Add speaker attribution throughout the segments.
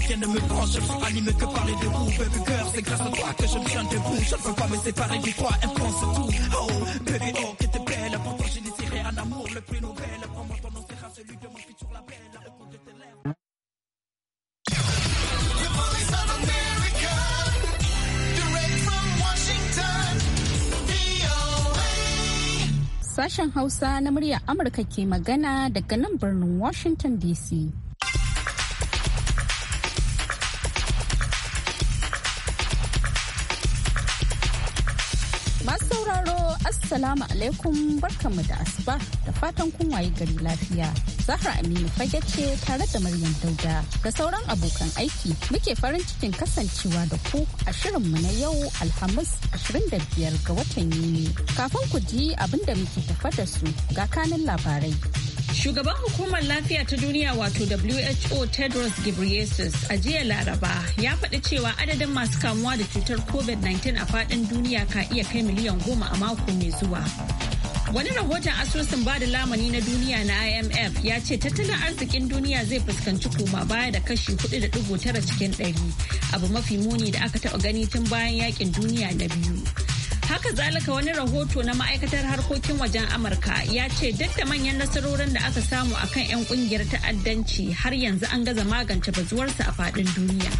Speaker 1: aucun ne me branche. Animé que par les deux coups, baby c'est grâce à toi que je me debout. Je ne veux pas me séparer du toi, un plan tout. Oh, baby, oh, que t'es belle. Pour toi, j'ai un amour, le prix Nobel. Prends-moi ton nom, sera celui de mon futur label.
Speaker 2: Sashen Hausa na muryar Amurka ke magana daga nan birnin Washington DC. Assalamu alaikum barkanmu da asuba da fatan kun waye gari lafiya. Zahra Aminu fage ce tare da Maryam Dauda da sauran abokan aiki muke farin cikin kasancewa da ku a shirinmu na yau Alhamis 25 ga watan Yuni. Kafin ku ji abin da muke tafa da su ga kanin labarai. Shugaban hukumar lafiya ta duniya wato WHO Tedros Ghebreyesus a jiya Laraba ya faɗi cewa adadin masu kamuwa da cutar COVID-19 a faɗin duniya ka iya kai miliyan goma a mako mai zuwa. Wani rahoton asusun bada lamani na duniya na IMF ya ce tattalin arzikin duniya zai fuskanci koma baya da kashi 4.9 cikin 100 abu mafi muni da aka taɓa gani tun bayan yakin duniya na biyu. Haka zalika wani rahoto na ma'aikatar harkokin wajen Amurka ya ce duk da manyan nasarorin da aka samu a kan 'yan kungiyar ta'addanci har yanzu an gaza magance bazuwarsa a faɗin duniya.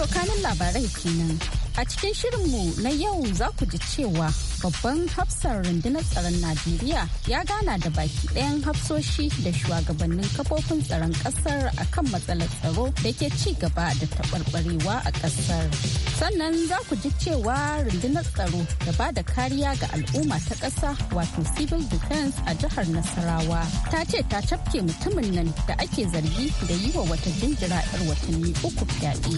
Speaker 2: To kanin labarai kenan. A cikin shirinmu na yau za ku ji cewa babban hafsar rundunar tsaron najeriya ya gana da baki ɗayan hafsoshi da shugabannin kafofin tsaron ƙasar kan matsalar tsaro da ke ci gaba da taɓarɓarewa a ƙasar sannan za ku ji cewa rundunar tsaro da ba da kariya ga al'umma ta ƙasa wato civil defense a jihar nasarawa ta ce ta cafke mutumin nan da ake zargi da yi wa wata jinjira 'yar watanni uku fyaɗe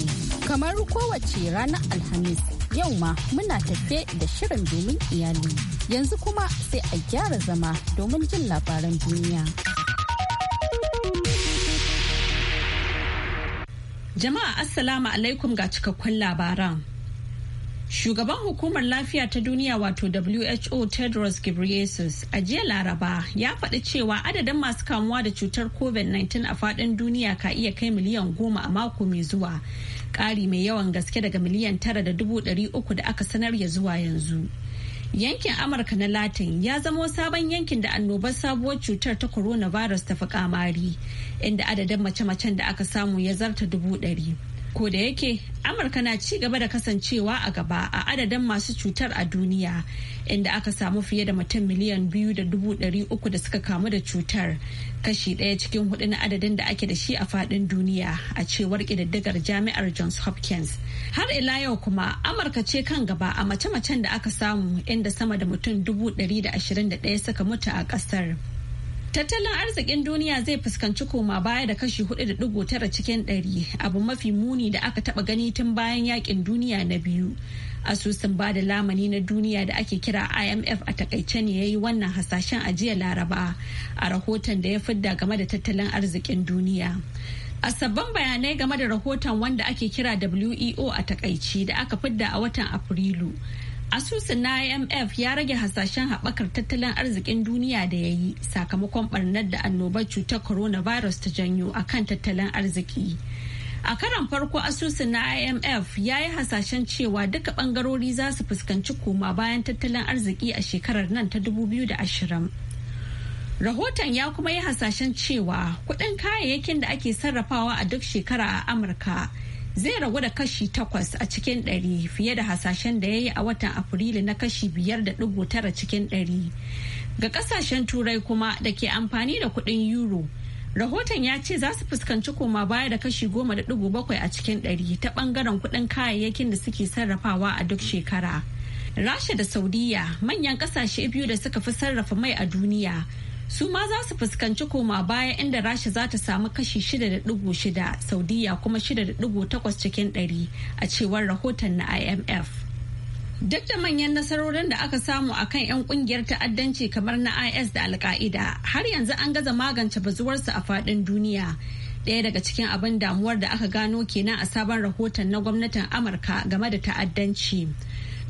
Speaker 2: kamar kowace ranar alhamis Yau ma muna tafe da shirin domin iyali. Yanzu kuma sai a gyara zama domin jin labaran duniya. Jama'a Assalamu alaikum ga cikakkun labaran. Shugaban hukumar lafiya ta duniya wato WHO Tedros Ghebreyesus a jiya Laraba ya faɗi cewa adadin masu kamuwa da cutar COVID-19 a faɗin duniya ka iya kai miliyan goma a mako mai zuwa ƙari mai yawan gaske daga miliyan tara da dubu ɗari uku da aka sanar ya zuwa yanzu. Yankin Amurka na Latin ya zamo sabon yankin da annobar sabuwar cutar ta coronavirus ta fi kamari, inda adadin mace-macen da aka samu ya zarta dubu ɗari. Ko da yake Amurka na ci gaba da kasancewa a gaba a adadin masu cutar a duniya inda aka samu fiye da mutum miliyan biyu da dubu ɗari uku da suka kamu da cutar kashi ɗaya cikin hudu na adadin da ake da shi a fadin duniya a cewar ƙididdigar jami'ar Johns Hopkins. Har ila yau kuma Amurka ce kan gaba a mace-macen da aka samu inda sama da mutum dubu ɗari da ashirin da ɗaya suka mutu a ƙasar. Tattalin arzikin duniya zai fuskanci koma baya da kashi 4.9 cikin 100 abu mafi muni da aka taba gani tun bayan yakin duniya na biyu. Asusun ba da lamani na duniya da ake kira IMF a takaice ne ya yi wannan hasashen ajiya laraba a rahoton da ya fidda game da tattalin arzikin duniya. A sabbin bayanai game da rahoton wanda ake kira WEO a takaici da aka fidda a watan Afrilu. Asusun na IMF ya rage hasashen haɓakar tattalin arzikin duniya da ya yi sakamakon ɓarnar da annobar cutar coronavirus ta janyo a kan tattalin arziki. A karan farko asusun na IMF ya yi hasashen cewa duka ɓangarori za su fuskanci koma bayan tattalin arziki a shekarar nan ta 2020. Rahoton ya kuma yi hasashen cewa kuɗin kayayyakin da ake sarrafawa a duk shekara a Amurka. zai ragu da kashi takwas a cikin ɗari fiye da hasashen da ya yi a watan afrilu na kashi biyar da ɗigo tara cikin ɗari ga ƙasashen turai kuma da ke amfani da kuɗin euro rahoton ya ce za su fuskanci koma baya da kashi goma da ɗigo bakwai a cikin ɗari ta ɓangaren kuɗin kayayyakin da suke sarrafawa a duk shekara rasha da saudiya manyan ƙasashe biyu da suka fi sarrafa mai a duniya su ma za su fuskanci koma baya inda rasha za ta samu kashi 6.6 saudiya kuma 6.8 cikin 100 a cewar rahoton na imf duk da manyan nasarorin da aka samu a kan 'yan kungiyar ta'addanci kamar na is da alka'ida har yanzu an gaza magance bazuwarsu a fadin duniya ɗaya daga cikin abin damuwar da aka gano kenan a sabon rahoton na gwamnatin amurka game da ta'addanci.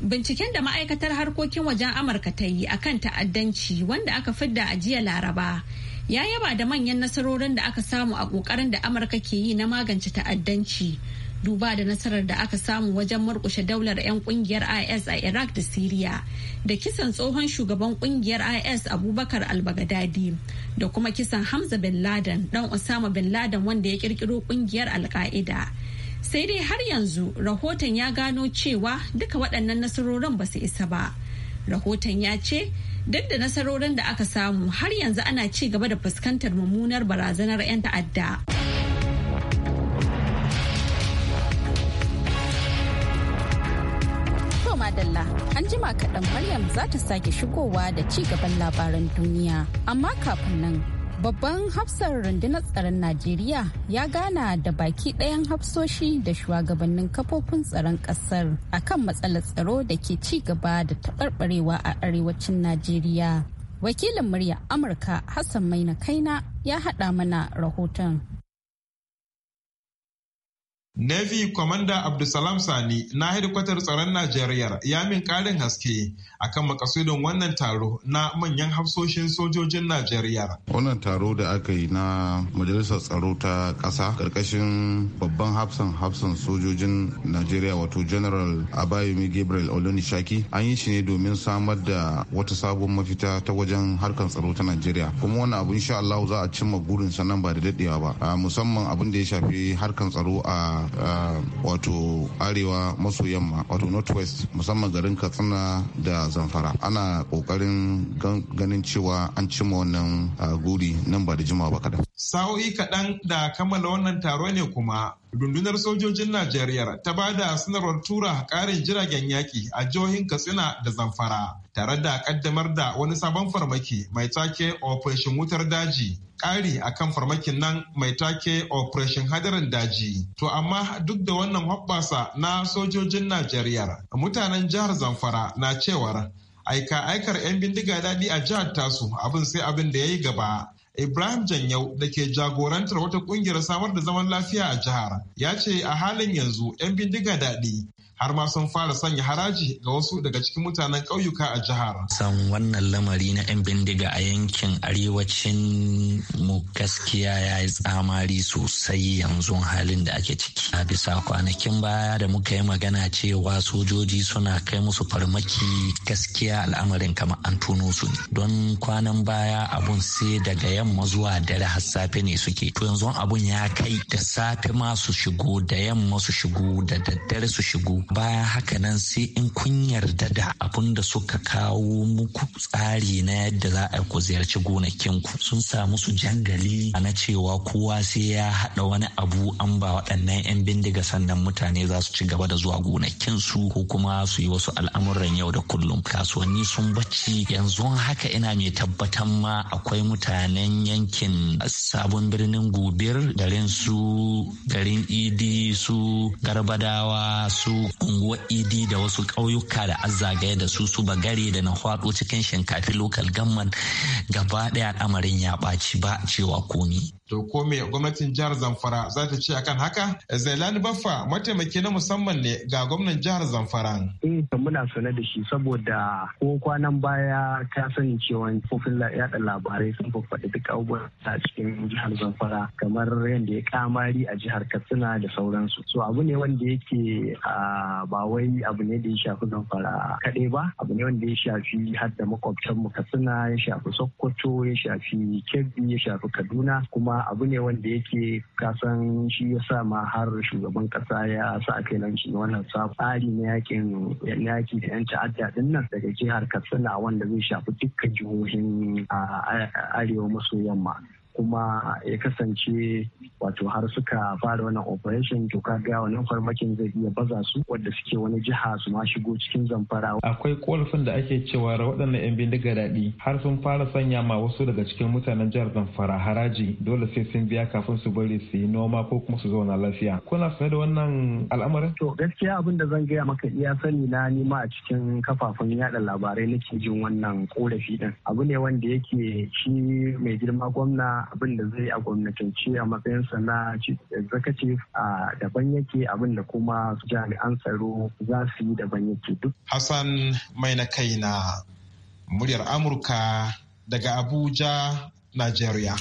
Speaker 2: Binciken da ma'aikatar harkokin wajen Amurka ta yi a kan ta'addanci wanda aka fidda a jiya Laraba ya yaba da manyan nasarorin da aka samu a ƙoƙarin da Amurka ke yi na magance ta'addanci. Duba da nasarar da aka samu wajen murkushe daular 'yan ƙungiyar IS a Iraq da Siriya da kisan tsohon shugaban ƙungiyar IS Abubakar al-Baghdadi da kuma kisan Hamza bin Laden ɗan Osama bin Laden wanda ya kirkiro ƙungiyar al -Qaeda. sai dai har yanzu rahoton ya gano cewa duka waɗannan nasarorin ba su isa ba rahoton ya ce duk da nasarorin da aka samu har yanzu ana ci gaba da fuskantar mummunar barazanar 'yan ta'adda an jima kaɗan maryam za ta sake shigowa da ci gaban labaran duniya amma kafin nan Babban hafsar rundunar tsaron Najeriya ya gana da baki ɗayan hafsoshi da shugabannin kafofin tsaron ƙasar akan matsalar tsaro da ke ci gaba da taɓarɓarewa a arewacin Najeriya. Wakilin murya Amurka Hassan Maina Kaina ya haɗa mana rahoton.
Speaker 3: Navy Commander Abdulsalam Sani na hedikwatar tsaron Najeriya ya min karin haske a akan makasudin wannan taro na manyan hafsoshin sojojin Najeriya. Wannan taro da aka yi na Majalisar Tsaro ta ƙasa ƙarƙashin babban hafsan hafsan sojojin Najeriya wato General Abayomi Gabriel Olonishaki an yi shi ne domin samar da wata sabon mafita ta wajen harkar tsaro ta Najeriya. Kuma wani abu insha Allah za a cimma burinsa nan ba da daɗewa ba. Musamman abin da ya shafi harkar tsaro a Uh, wato arewa maso yamma wato north west musamman garin katsina da zamfara ana kokarin ganin cewa an cimma wannan uh, guri nan ba da jimawa ba kadan Sa'o'i kaɗan da kammala wannan taro ne kuma rundunar sojojin Najeriya ta ba da sanarwar tura ƙarin jiragen yaƙi a jihohin Katsina da Zamfara tare da ƙaddamar da wani sabon farmaki mai take Operation Wutar Daji ƙari a kan farmakin nan mai take Operation Hadarin Daji. To amma duk da wannan hoɓɓasa na sojojin Najeriya mutanen jihar Zamfara na cewar aika aikar 'yan bindiga daɗi a jihar tasu abin sai abin da ya yi gaba Ibrahim Janyau da ke jagorantar wata kungiyar samar da zaman lafiya a jihar ya ce a halin yanzu 'yan bindiga daɗi har ma sun fara sanya haraji ga wasu daga cikin mutanen ƙauyuka a jihar. San wannan lamari na 'yan bindiga a yankin
Speaker 4: arewacin mu gaskiya ya yi tsamari sosai yanzu halin da ake ciki. A bisa kwanakin baya da muka yi magana cewa sojoji suna kai musu farmaki gaskiya al'amarin kamar an tuno su ne. don kwanan baya abun sai daga yamma zuwa dare har safe ne suke. To yanzu abun ya kai da safe ma su shigo da yamma su shigo da daddare su shigo bayan haka nan sai in kun yarda da abin da suka kawo muku tsari na yadda za a ku ziyarci gonakinku sun samu su jangali na cewa kowa sai ya haɗa wani abu an ba waɗannan 'yan bindiga sannan mutane za su ci gaba da zuwa gonakinsu ko kuma su yi wasu al'amuran yau da kullum kasuwanni sun bacci yanzu haka ina mai tabbatar ma akwai mutanen yankin sabon birnin gobir garin su garin idi su garbadawa su unguwar idi da wasu ƙauyuka da azzagaye da su su bagare da na hwaɗo cikin shinkafi lokal gamman gaba ɗaya al'amarin
Speaker 3: ya ɓaci ba cewa komi. To ko me gwamnatin jihar Zamfara za ta ce akan haka? Zailani Baffa mataimaki na musamman ne ga gwamnan jihar Zamfara. Eh muna sane da shi
Speaker 5: saboda ko kwanan baya ka sani cewa kofin yaɗa labarai sun faɗi duk abubuwan a cikin jihar Zamfara kamar yadda ya kamari a jihar Katsina da sauransu. So abu ne wanda yake a ah, ba wai abu ne da ya shafi zamfara kaɗai ba abu ne wanda ya shafi har da makwabtan mu katsina ya shafi sokoto ya shafi kebbi ya shafi kaduna kuma abu ne wanda yake kasan shi ya sa ma har shugaban ƙasa ya sa kai nan shi wannan tsari na yakin yaki da yan ta'adda din nan daga jihar katsina wanda zai shafi dukkan jihohin a arewa maso yamma kuma ya kasance wato har suka fara wannan operation to ka ga wannan farmakin zai iya baza su wadda suke wani jiha su ma shigo cikin zamfara
Speaker 3: akwai kolfin da ake cewa waɗannan yan bindiga daɗi har sun fara sanya ma wasu daga cikin mutanen jihar zamfara haraji dole sai sun biya kafin su bari su yi noma ko kuma su zauna lafiya kuna sanar da wannan al'amarin
Speaker 5: to gaskiya abin da zan gaya maka iya sani na nima a cikin kafafen yada labarai nake jin wannan korafi din abu ne wanda yake shi mai girma gwamna abin da zai a gwamnatance a matsayinsa na chief executive a
Speaker 3: daban yake abin da kuma jami'an tsaro za su yi daban yake duk. Hassan mai na kai na muryar Amurka daga Abuja, Nigeria.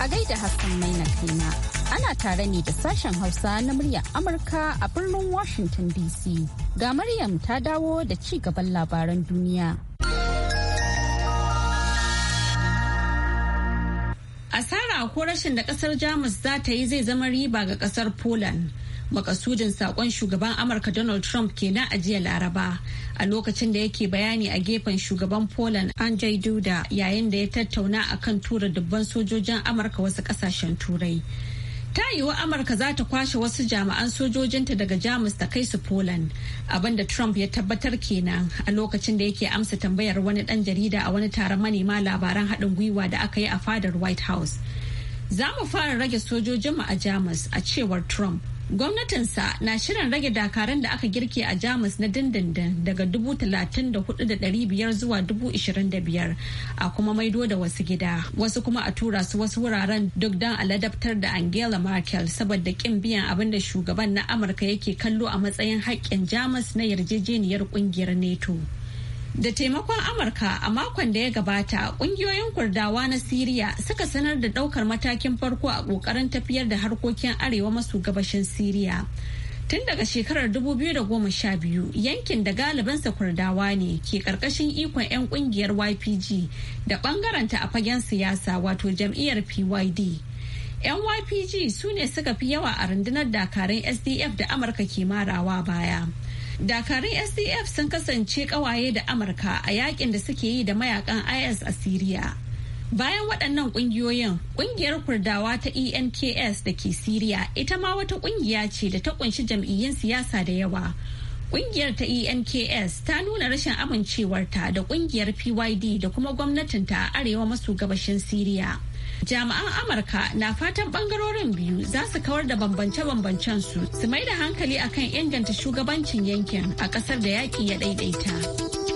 Speaker 2: A gaida Hassan mai na kai na. Ana tare ne da sashen Hausa na muryar Amurka a birnin Washington DC. Ga Maryam ta dawo da ci gaban labaran duniya. Asara ko rashin da kasar Jamus za ta yi zai zama riba ga kasar Poland. makasudin saƙon shugaban amurka donald trump kenan a jiya laraba a lokacin da yake bayani a gefen shugaban poland andrzej duda yayin da ya tattauna akan tura dubban sojojin amurka wasu kasashen turai ta yiwu amurka za ta kwashe wasu jami'an sojojinta daga jamus ta kai su poland abinda trump ya tabbatar kenan a lokacin da yake amsa tambayar wani dan jarida a wani taron manema labaran haɗin gwiwa da aka yi a fadar white house za mu fara rage sojojinmu a jamus a cewar trump Gwamnatinsa na shirin rage dakaran da aka girke a Jamus na dindindin daga 34,500 zuwa 25,000 a kuma maido da wasu gida. Wasu kuma a tura su wasu wuraren duk don a ladabtar da Angela Merkel saboda kin biyan abin da shugaban na Amurka yake kallo a matsayin haƙƙin Jamus na yarjejeniyar ƙungiyar NATO. Da taimakon Amurka a makon da ya gabata, kungiyoyin Kurdawa na Siriya suka sanar da daukar matakin farko a kokarin tafiyar da harkokin arewa masu gabashin Siriya. Tun daga shekarar 2012 yankin da galibinsa Kurdawa ne ke karkashin ikon 'yan kungiyar YPG da bangaranta a fagen siyasa wato jam'iyyar PYD. NYPG su ne suka fi yawa a rundunar dakarun SDF da Amurka ke marawa baya. dakarun sdf sun kasance kawaye da amurka a yakin da suke yi da mayakan is a Syria, bayan waɗannan ƙungiyoyin ƙungiyar kurdawa ta enks da ke Syria ita ma wata ƙungiya ce da ta ƙunshi jam'iyyun siyasa da yawa ƙungiyar ta enks ta nuna rashin amincewarta da ƙungiyar pyd da kuma gwamnatinta a arewa maso gabashin Syria. Jami'an Amurka na fatan bangarorin biyu za su kawar da bambance-bambancen su su mai da hankali akan inganta shugabancin yankin a kasar da yaƙi ya daidaita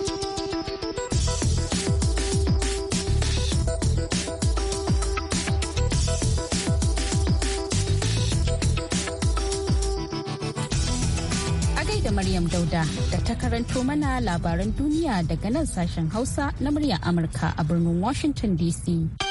Speaker 2: Maryam Dauda da ta karanto mana labaran duniya daga nan sashen Hausa na murya Amurka a birnin Washington DC.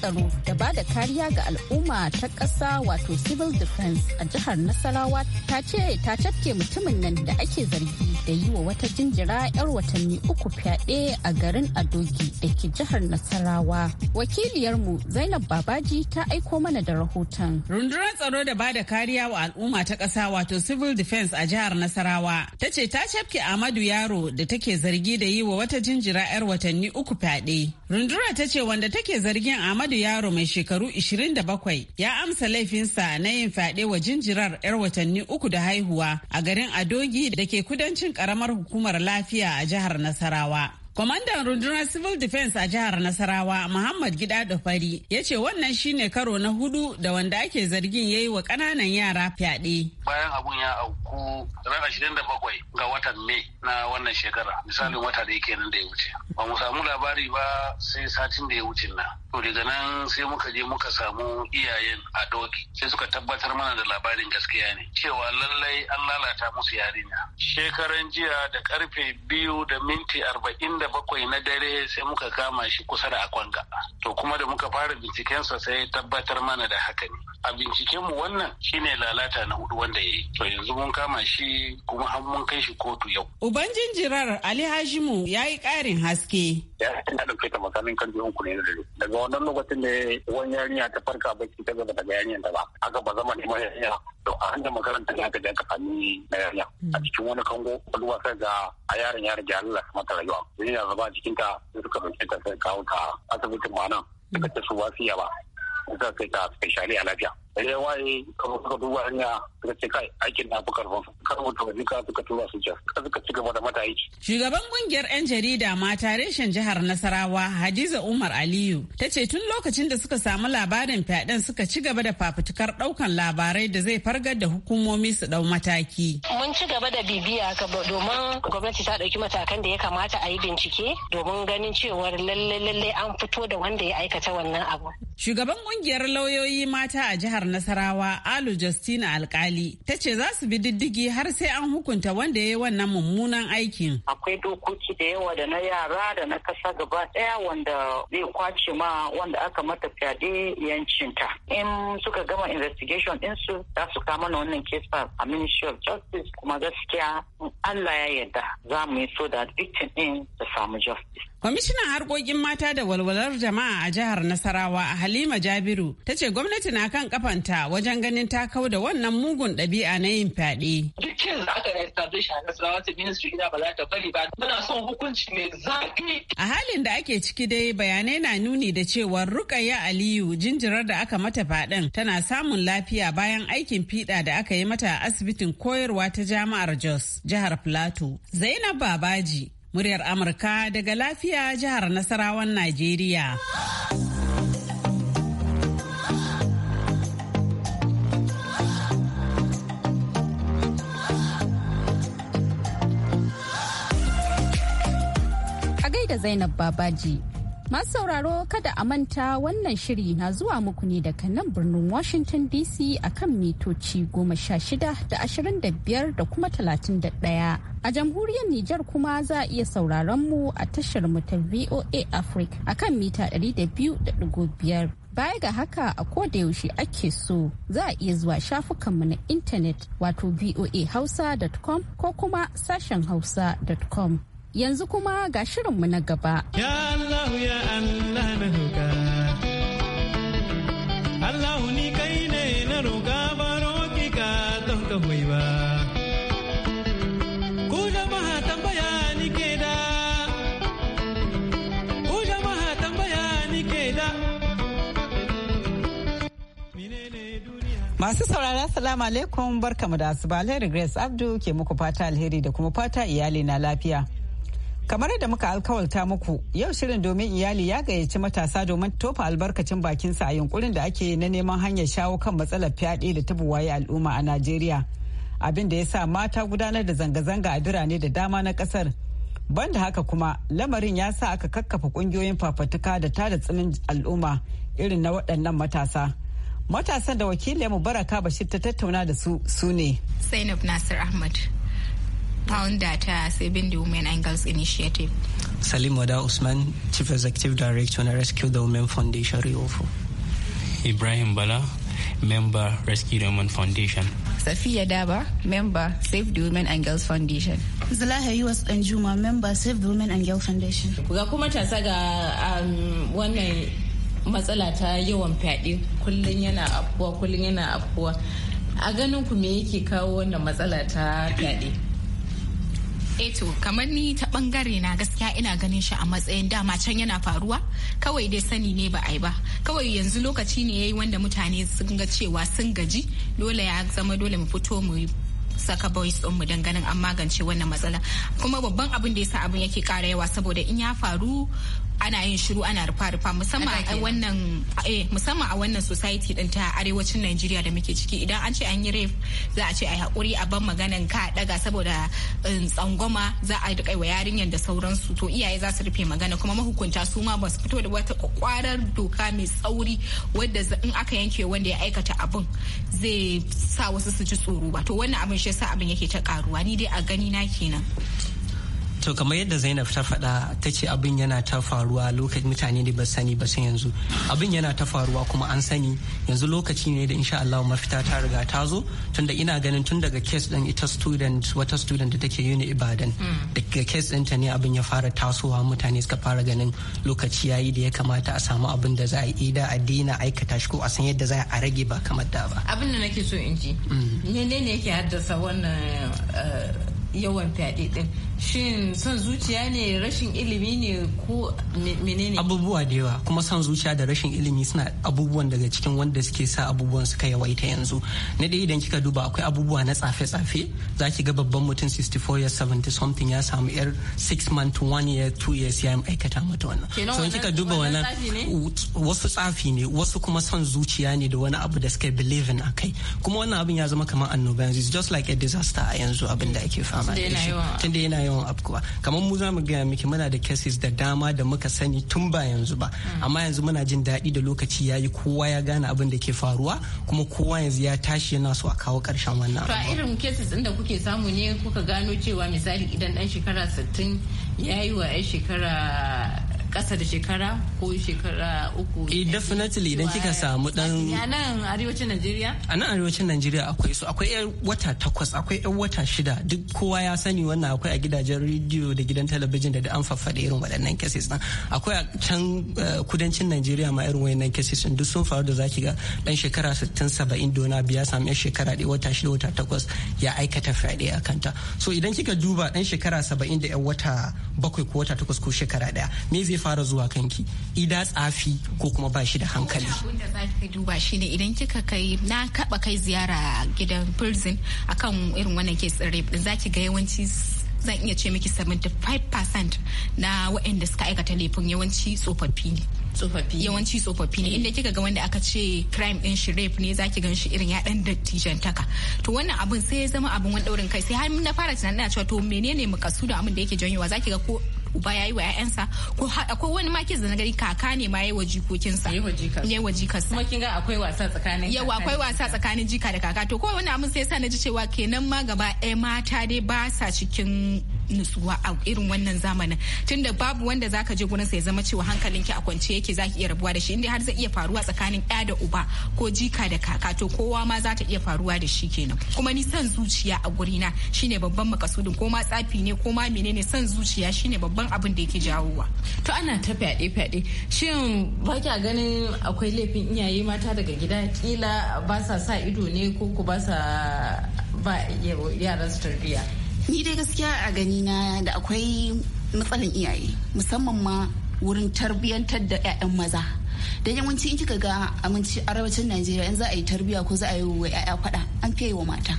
Speaker 2: tsaro da ba da kariya ga al'umma ta ƙasa wato civil defense a jihar nasarawa ta ce ta cafke mutumin nan da ake zargi da yi wa wata jinjira 'yar watanni uku fyaɗe a garin adogi da ke jihar nasarawa Wakiliyar mu zainab babaji ta aiko mana da rahoton
Speaker 6: rundunar tsaro da bada kariya wa al'umma ta ƙasa wato civil defense a jihar nasarawa ta ce ta shafke amadu yaro da take zargi da yi wa wata jinjira 'yar watanni uku fyaɗe rundunar ta ce wanda take zargin amadu yaro mai shekaru 27 ya amsa laifinsa na yin fyaɗe wa jinjirar 'yar watanni uku da haihuwa a garin adogi da ke kudancin karamar hukumar lafiya a jihar Nasarawa. Kwamandan rundunar Civil Defense a jihar Nasarawa, Muhammad Gida Fari, ya ce wannan shine karo na hudu da wanda ake zargin ya yi wa ƙananan yara fyaɗe.
Speaker 4: Bayan abun ya auku ran ashirin da bakwai ga watan Mai na wannan shekara, misalin wata da yake nan da ya wuce.
Speaker 1: Ba mu samu labari ba sai satin da ya wuce na.
Speaker 4: To daga nan sai
Speaker 1: muka je muka samu
Speaker 4: iyayen a
Speaker 1: doki sai suka tabbatar mana da labarin gaskiya ne cewa lallai an lalata musu yarinya. Shekaran jiya da karfe biyu da minti arba'in da da bakwai na dare sai muka kama shi kusa da akwanga to kuma da muka fara binciken sa sai tabbatar mana da haka ne a binciken mu wannan shine lalata na hudu wanda ya yi to yanzu mun kama
Speaker 4: shi kuma har mun kai shi kotu yau
Speaker 6: uban jinjirar ali hajimu ya yi karin haske
Speaker 4: ya na dauke ta makamin kan biyun ku ne da dare daga wannan lokacin da wani yarinya ta farka bacci ta gaba daga yarinyar ta ba aka ba zama neman yarinya to a hanyar makaranta ne aka ka sami na yarinya hmm. a cikin wani kango kwalwa sai ga a yaron ya rage Allah mata rayuwa yana zaba jikinta suka dauke ta sai kawo ta asibitin ma nan hmm. suka ta su ba a lafiya
Speaker 6: shugaban kungiyar 'yan jarida mata reshen jihar nasarawa hadiza umar aliyu ta ce tun lokacin da suka samu labarin fyaɗen suka ci gaba da fafutukar ɗaukan labarai da zai fargar da hukumomi su ɗau mataki.
Speaker 7: mun ci gaba da bibiya domin gwamnati ta ɗauki matakan da ya kamata a yi bincike domin ganin cewar lallai an fito da wanda ya aikata wannan abu.
Speaker 6: Shugaban kungiyar lauyoyi mata a jihar Nasarawa Alu Justina Alkali ta ce za su bi diddigi har sai an hukunta wanda ya yi wannan mummunan aikin.
Speaker 4: Akwai dokoki da yawa da na yara da na kasa gaba ɗaya wanda zai kwace ma wanda aka mata fyaɗe yancinta. In suka gama investigation ɗinsu za su kama na wannan case a Ministry of Justice kuma gaskiya Allah ya yarda za mu yi so da victim din ta samu justice
Speaker 6: Kwamishinan harkokin mata da walwalar jama'a a jihar Nasarawa a Halima Jabiru ta ce gwamnati na kan kafanta wajen ganin ta kau da wannan mugun ɗabi'a na yin fyaɗe.
Speaker 8: da aka establish a Nasarawa ta ministry ina ba ta bari ba muna son hukunci mai zafi.
Speaker 6: A halin da ake ciki dai bayanai na nuni da cewa Rukayya Aliyu jinjirar da aka mata faɗin tana samun lafiya bayan aikin fiɗa da aka yi mata a asibitin koyarwa ta Jama'ar Jos jihar Plateau. Zainab Babaji Muryar Amurka daga lafiya jihar Nasarawan Najeriya.
Speaker 2: A gaida Zainab Babaji. Masu sauraro kada a manta wannan shiri na zuwa muku ne daga nan birnin Washington DC akan mitoci goma sha shida da ashirin da biyar da kuma talatin da ɗaya. A jamhuriyar Nijar kuma za a iya sauraron mu a tashar mu ta VOA Africa akan mita ɗari da biyu da ɗigo biyar. Baya ga haka a koda yaushe ake so za a iya zuwa shafukanmu na intanet wato voahausa.com ko kuma sashen hausa.com. yanzu kuma ga shirinmu na gaba.
Speaker 1: Ya Allah ya Allah na roƙa. Allah ni kai ne na roƙa ba roki ka don ka ba. Ku jama'a tambaya ni ke da. Ku jama'a tambaya ni ke da.
Speaker 9: Masu saurara salamu alaikum barkamu da asuba Alheri Grace Abdu ke muku fata alheri da kuma fata iyali na lafiya. Kamar yadda muka alkawalta muku, yau shirin domin iyali ya gayyaci matasa domin tofa albarkacin bakinsa a yunkurin da ake na neman hanyar shawo kan matsalar fyaɗe da ta al'umma a Najeriya. Abin da ya sa mata gudanar da zanga-zanga a birane da dama na ƙasar. Banda haka kuma, lamarin ya sa aka kakkafa ƙungiyoyin fafatuka da tada tsinin al'umma irin na waɗannan matasa. Matasan da wakilai mu baraka Bashir ta tattauna da su su ne.
Speaker 10: Zainab Nasir Ahmad. founder ta Saving the Women and Girls Initiative.
Speaker 9: Salim Wada
Speaker 8: Usman, Chief Executive Director na Rescue the Women Foundation Riofo.
Speaker 1: Ibrahim Bala, member Rescue the Women Foundation.
Speaker 10: Safiya Daba, member Save
Speaker 7: the Women and Girls Foundation.
Speaker 6: Zulaha Yuwas Danjuma, member Save the Women and Girls Foundation.
Speaker 7: Ga kuma tasa ga um, wannan matsala ta yawan fyaɗe kullum yana afuwa kullum yana afuwa. A ganin ku me yake kawo wannan matsala ta fyaɗe?
Speaker 10: eh to kamar ni ta bangare na gaskiya ina ganin shi a matsayin dama can yana faruwa kawai dai sani ne ba ai ba kawai yanzu lokaci ne yayi wanda mutane sun ga cewa sun gaji dole ya zama dole mu fito mu saka boys mu don ganin an magance wannan matsala kuma babban abin da ya sa abin yake kara yawa saboda in ya faru ana yin shiru ana rufa rufa eh, musamman a wannan society din ta arewacin Najeriya da muke ciki idan an ce an yi rape za a ce ai hakuri a ban maganan ka daga saboda um, tsangwama za a duka wa yarinyar da sauransu to iyaye za su rufe magana kuma mahukunta su ma ba su fito da wata kwarar doka mai tsauri wadda in aka yanke wanda ya aikata abin zai sa wasu su ji tsoro ba to wannan abin shi yasa abin yake ta karuwa ni dai a gani na kenan
Speaker 8: to kamar yadda zainab ta faɗa ta ce abin yana ta faruwa lokacin mutane da ba sani ba sai yanzu abin yana ta faruwa kuma an sani yanzu lokaci ne da insha Allah mafita ta riga ta zo tunda ina ganin tun daga kes din ita student wata student da take yuni ibadan hmm. daga kes ta ne abin ya fara tasowa mutane suka fara ganin lokaci yayi da ya kamata a samu abin da za a yi da a aikata shi ko a san yadda za a rage ba kamar da ba
Speaker 7: abin da nake so in ji hmm. menene yake haddasa wannan eh, yawan fyaɗe ɗin shin son zuciya ne rashin ilimi ne
Speaker 8: ko menene abubuwa da yawa kuma son zuciya da rashin ilimi suna abubuwan daga cikin wanda suke sa abubuwan suka yawaita yanzu na dai idan kika duba akwai abubuwa na tsafe-tsafe za ki ga babban mutum 64 years 70 something ya samu yar 6 month 1 year 2 years ya aikata mata wannan so in kika duba wannan wasu tsafi ne wasu kuma son zuciya ne da wani abu da suka believe in akai kuma wannan abin ya zama kamar annoba yanzu just like a disaster a yanzu abin da ake fama saba da tunda yana yawan afkuwa kamar mu za mu gaya miki muna da cases da dama da muka sani tun ba yanzu ba mm. amma yanzu muna jin daɗi da lokaci ya yi kowa ya gane abin da ke faruwa kuma kowa yanzu ya tashi yana so a kawo ƙarshen wannan to a
Speaker 7: irin cases ɗin da kuke samu ne kuka gano cewa misali idan ɗan shekara sittin ya yi wa 'yan shekara kasa da shekara ko shekara uku eh definitely idan kika samu dan a nan arewacin Najeriya
Speaker 8: a nan arewacin Najeriya akwai su akwai yar wata takwas akwai yar wata shida duk kowa ya sani wannan akwai a gidajen rediyo da gidan talabijin da an faffaɗa irin waɗannan cases din akwai a can eh, kudancin Najeriya ma irin waɗannan cases din duk sun faru da zaki ga dan shekara 60 70 dona biya samu yar shekara ɗaya wata shida wata takwas ya aikata fyaɗe a kanta so idan kika duba dan shekara 70 da yar wata bakwai ko wata takwas ko shekara ɗaya me zai fara zuwa kanki ida tsafi ko kuma ba shi da hankali abin
Speaker 10: da za duba shi ne idan kika kai na kaba kai ziyara gidan prison akan irin wannan ke tsare za ki ga yawanci zan iya ce miki 75% na waɗanda suka aikata laifin yawanci tsofaffi ne tsofaffi yawanci tsofaffi ne mm. inda kika ga wanda aka ce crime din shi rape ne zaki gan shi irin ya dan dattijan taka to wannan abun sai ya zama abun wani daurin kai sai har na fara tunanin cewa to menene da abin da yake janyowa zaki ga ko uba yayi wa ya'yansa ko akwai wani ma kids da na gari kaka ne ma yi wa jikokinsa yi wa jikarsa kuma kin ga akwai wasa
Speaker 7: tsakanin yawa akwai wasa
Speaker 10: tsakanin jika da kaka to ko wani abin sai sa na ji cewa kenan ma gaba ɗaya mata dai ba sa cikin nutsuwa a irin wannan zamanin tunda babu wanda zaka je gurin ya zama cewa hankalinki a kwance yake zaki iya rabuwa da shi inda har zai iya faruwa tsakanin ɗa da uba ko jika da kaka to kowa ma za ta iya faruwa da shi kenan kuma ni san zuciya a gurina shine babban makasudin ko ma tsafi ne ko ma menene son zuciya shine babban babban abin da yake jawowa
Speaker 7: to ana ta fyaɗe fyaɗe shin ba kya ganin akwai laifin iyaye mata daga gida kila ba sa sa ido ne ko ku ba sa ba yaran su tarbiya.
Speaker 2: ni dai gaskiya a gani na da akwai matsalin iyaye musamman ma wurin tarbiyyantar da 'ya'yan maza da yawanci in kika ga amince arabacin najeriya in za a yi tarbiya ko za a yi wa 'ya'ya faɗa an fiye wa mata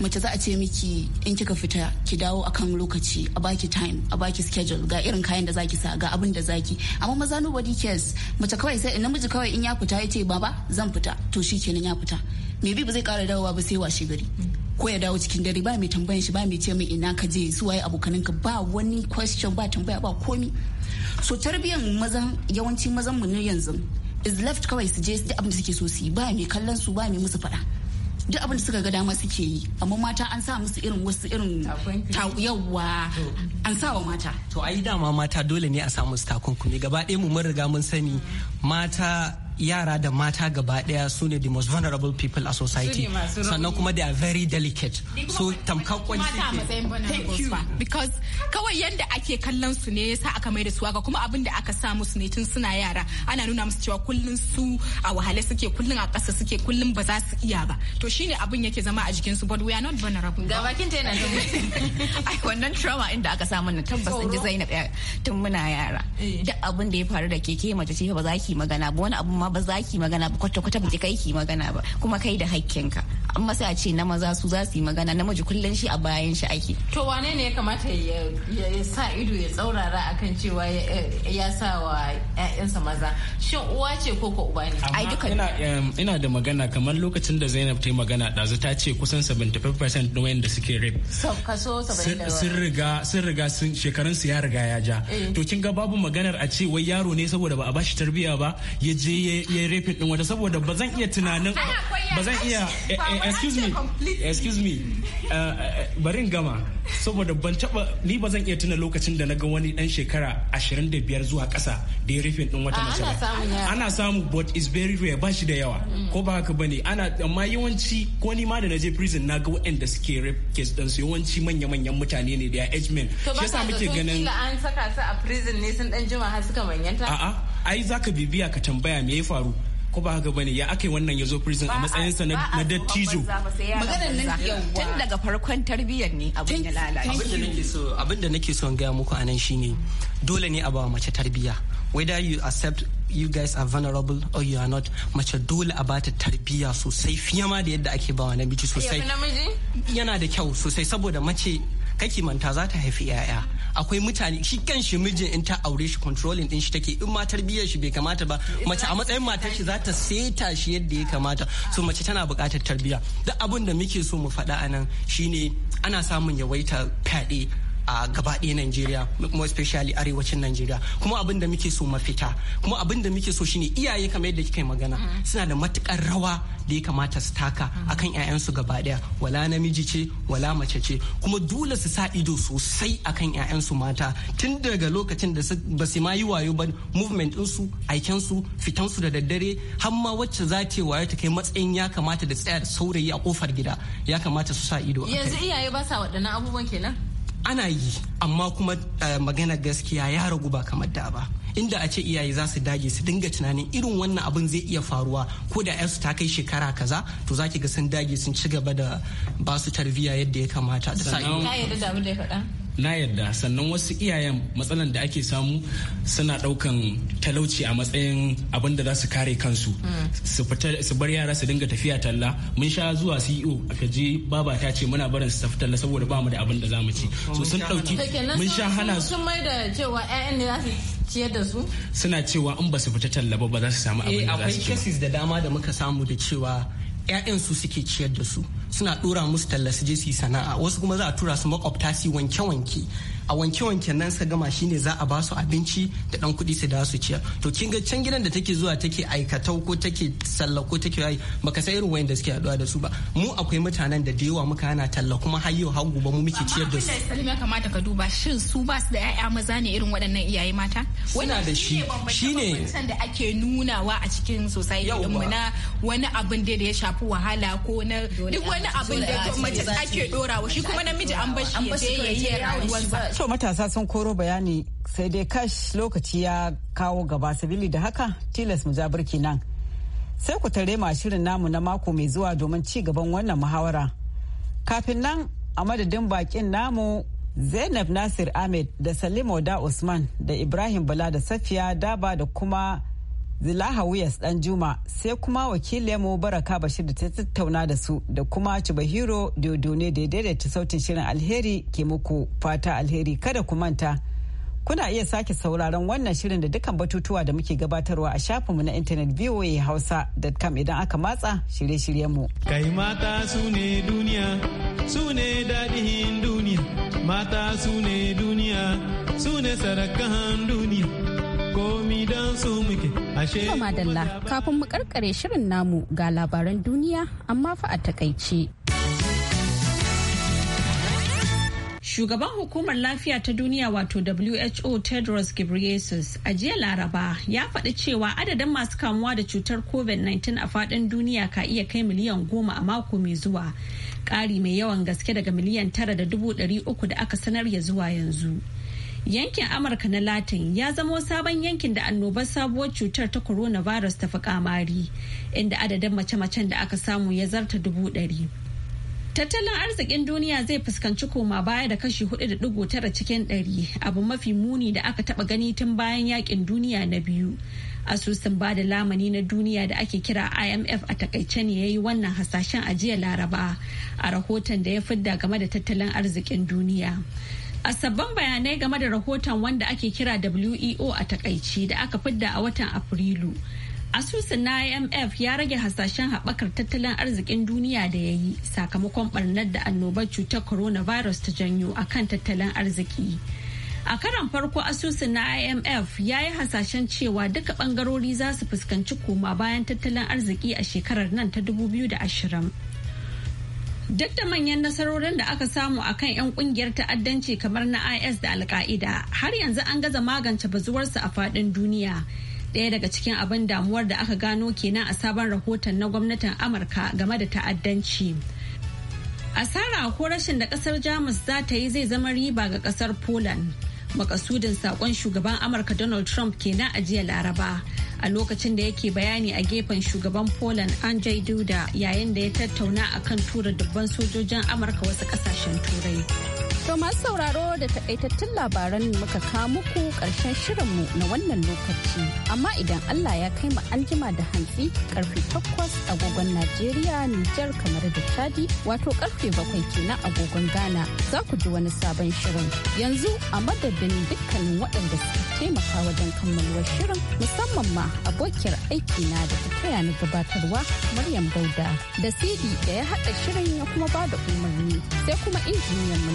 Speaker 2: mace za a ce miki
Speaker 10: in kika fita ki dawo akan lokaci a baki time a baki schedule ga irin kayan da zaki sa ga abin
Speaker 2: da zaki amma maza nobody cares mace kawai sai namiji kawai in ya fita ya ce baba zan fita to shikenan ya fita me bi ba zai kara dawowa ba sai washe gari ko ya dawo cikin dare ba mai tambayan shi ba mai ce mai ina ka je su waye abokanan ka ba wani question ba tambaya ba komi so tarbiyan mazan yawanci mazan mu ne yanzu is left kawai su je su abin da suke so su yi ba mai kallon su ba mai musu faɗa duk abin da suka ga dama suke yi amma mata an sa musu irin wasu irin yawwa
Speaker 8: an sa wa mata to ai dama mata dole ne a samu takunkumi gaba ɗaya mu mun riga mun sani mata yara da mata gaba daya su ne the most vulnerable people a society sannan kuma they are very delicate so tamkar
Speaker 10: kwanci because kawai yanda ake kallon su ne yasa aka mai da su haka kuma abin da aka sa musu ne tun suna yara ana nuna musu cewa kullun su a wahale suke kullun a ƙasa suke kullun ba za su iya ba to shine abin yake zama a jikin su but we are not vulnerable ga bakin ta yana ai wannan trauma inda aka sa mana tabbas in ji Zainab eh, tun muna yara eh. duk abin da ya faru da keke mace ce ba za ki magana ba wani abu ma ba za ki magana ba kwata-kwata ba ki kai ki magana ba kuma kai da hakkinka amma sai a ce na maza su za su yi magana namiji kullum shi a bayan
Speaker 1: shi ake
Speaker 7: to wane ne ya kamata ya sa ido ya tsaurara akan cewa ya sa wa ƴaƴansa maza shin uwa ce ko ko uba ne
Speaker 1: ina da magana kamar lokacin da Zainab ta yi magana ɗazu ta ce kusan 75% na wayanda suke rape
Speaker 7: kaso 70 sun
Speaker 1: riga sun riga shekarun su ya riga ya ja eh. to kin ga babu maganar a ce wai yaro ne saboda ba a bashi tarbiyya ba ya je ya rape din wata saboda ba zan iya tunanin ba zan iya eh, eh, excuse me excuse uh, me uh, uh, barin gama saboda ban taba ni ba zan iya tuna lokacin da na ga wani dan shekara 25 zuwa kasa da ya rufe din wata ah, mace ana samu but is very rare ba shi da yawa mm. ko ba haka bane ana amma yawanci ko ni ma da naje prison na ga waɗanda suke rape case din su yawanci manya manyan mutane ne da age men shi yasa muke ganin
Speaker 7: an saka su a prison ne sun dan jima har suka manyanta
Speaker 10: a'a
Speaker 1: ai zaka bibiya ka tambaya me ya faru ko ba haka bane ya aka yi wannan ya zo prison a sa na dattijo
Speaker 10: maganar nan tun daga farkon tarbiyyar ne abin ya lalace
Speaker 8: abin da nake so in gaya muku anan shine dole ne a ba mace tarbiyya whether you accept you guys are vulnerable or you are not mace dole a bata tarbiyya sosai fiye ma da yadda ake bawa namiji sosai yana da kyau sosai saboda mace kake manta za ta haifi 'ya'ya akwai mutane shi kan shi mijin in ta aure shi controlling din shi take in ma tarbiyyar shi bai kamata ba mace a matsayin matar shi za ta seta shi yadda ya kamata so mace tana buƙatar tarbiyya duk abin da muke so mu faɗa anan shine ana samun yawaita fyaɗe a gaba ɗaya Najeriya more especially arewacin Najeriya kuma abin da muke so mafita kuma abin da muke so shine iyaye kamar yadda kika magana mm-hmm. suna da matukar rawa da ya kamata su taka mm-hmm. akan ƴaƴansu gaba ɗaya wala namiji ce wala mace ce kuma dole su sa ido sosai akan ƴaƴansu mata tun daga lokacin da ba su ma yi wayo ba movement su, su, fitan su da daddare har ma wacce za ta wayo ta kai matsayin ya kamata da tsaya da saurayi a kofar gida ya kamata su sa ido yanzu
Speaker 7: iyaye ba sa waɗannan abubuwan kenan
Speaker 8: ana yi amma kuma eh, magana gaskiya ya ragu ba kamar da ba inda a ce iyaye za su dage su dinga tunanin irin wannan abin zai iya faruwa ko da yarsu ta kai shekara kaza to zaki ki ga sun dage sun ci gaba da ba su yadda ya kamata da
Speaker 7: sa'i
Speaker 1: na yadda sannan wasu iyayen matsalan da ake samu suna daukan talauci a matsayin abin da za su kare kansu su bar yara su dinga tafiya talla mun sha zuwa CEO aka je baba ta ce muna barin su tafi talla saboda ba mu da abin da za mu ci so sun dauki mun sha hana su sun
Speaker 7: mai da cewa ƴaƴan ne za su ciyar
Speaker 8: da su?
Speaker 1: Suna cewa in ba su fita talla ba za su samu abin da za su ci. Eh, akwai cases da dama da muka samu da
Speaker 8: cewa 'ya'yan su suke ciyar da su. suna dora musu talla su je su yi sana'a wasu kuma za a tura su makwabta su wanke-wanke a wanke-wanke nan sa gama shine za a ba su abinci da dan kuɗi su da su ciya to kin ga can gidan da take zuwa take aikatau ko take sallah ko take yayi baka san irin wayanda suke haɗuwa da su ba mu akwai mutanen da da yawa muka yana talla kuma har yau har gobe mu muke ciyar da su
Speaker 10: ya kamata ka duba shin su ba su da ƴaƴa maza ne irin waɗannan iyaye mata wannan da shi shine da ake nunawa a cikin society din mu na wani abin da ya shafi wahala ko na duk wani abin da mace ake dorawa shi kuma namiji an bashi ya je ya yi rayuwarsa
Speaker 9: to matasa sun koro bayani sai dai kash lokaci ya kawo gaba sabili da haka tilas mu ja birki nan sai ku tare ma shirin namu na mako mai zuwa domin ci gaban wannan muhawara kafin nan a madadin bakin namu zainab nasir ahmed da salimu da usman da ibrahim bala da safiya daba da kuma Zilaha Wiyas dan Juma sai kuma mu Baraka Bashir da ta tattauna da su da kuma Chibahiro Dodone da ta sautin shirin alheri ke muku fata alheri kada ku manta. Kuna iya sake sauraron wannan shirin da dukkan batutuwa da muke gabatarwa a shafinmu na intanet Hausa.com idan aka matsa shirye-shiryenmu.
Speaker 1: Kai mata su ne duniya, su ne daɗin duniya, mata su ne duniya, su ne sarakan duniya, komi don su muke. Kuma madalla kafin
Speaker 2: mu karkare shirin namu ga labaran duniya amma fa a takaice. Shugaban hukumar lafiya ta duniya wato WHO Tedros Ghebreyesus a jiya Laraba ya faɗi cewa adadin masu kamuwa da cutar COVID-19 a faɗin duniya ka iya kai miliyan goma a mako mai zuwa. Ƙari mai yawan gaske daga miliyan tara da dubu ɗari uku da aka sanar ya zuwa yanzu. yankin amurka na latin ya zama sabon yankin da annobar sabuwar cutar ta coronavirus ta fi kamari inda adadin mace-macen da aka samu ya zarta dubu ɗari tattalin arzikin duniya zai fuskanci koma baya da kashi 4.9 cikin ɗari abu mafi muni da aka taba gani tun bayan yakin duniya na biyu asusun ba da lamani na duniya da ake kira imf a takaice ne ya yi wannan hasashen ajiya laraba a rahoton da ya fidda game da tattalin arzikin duniya A sabbin bayanai game da rahoton wanda ake kira WEO a takaici da aka fidda a watan Afrilu. Asusun na IMF ya rage hasashen haɓakar tattalin arzikin duniya da ya yi sakamakon ɓarnar da annobar cutar coronavirus ta janyo a kan tattalin arziki. A karan farko asusun na IMF ya yi hasashen cewa duka ɓangarori za su fuskanci koma bayan tattalin arziki a shekarar nan ta 2020. Duk da manyan nasarorin da aka samu a kan 'yan kungiyar ta'addanci kamar na IS da Alka'ida har yanzu an gaza magance bazuwarsu a faɗin duniya. Ɗaya daga cikin abin damuwar da aka gano kenan a sabon rahoton na gwamnatin Amurka game da ta'addanci. Asara ko rashin da ƙasar Jamus za ta yi zai zama riba ga ƙasar Poland. Makasudin saƙon shugaban Amurka Donald Trump kenan a jiya Laraba. a lokacin da yake bayani a gefen shugaban Poland Andrzej Duda yayin da ya tattauna a kan tura dubban sojojin Amurka wasu kasashen Turai. To masu sauraro da takaitattun labaran muka kawo muku karshen shirinmu na wannan lokaci. Amma idan Allah ya kai mu anjima da hantsi karfe takwas agogon Najeriya, Nijar kamar da Chadi wato karfe bakwai kenan agogon Ghana za ku ji wani sabon shirin. Yanzu a madadin dukkanin waɗanda suka taimaka wajen kammaluwar shirin musamman ma abokiyar aiki na da kaya na gabatarwa Maryam Dauda da Sidi da ya haɗa shirin ya kuma ba da umarni sai kuma injiniyan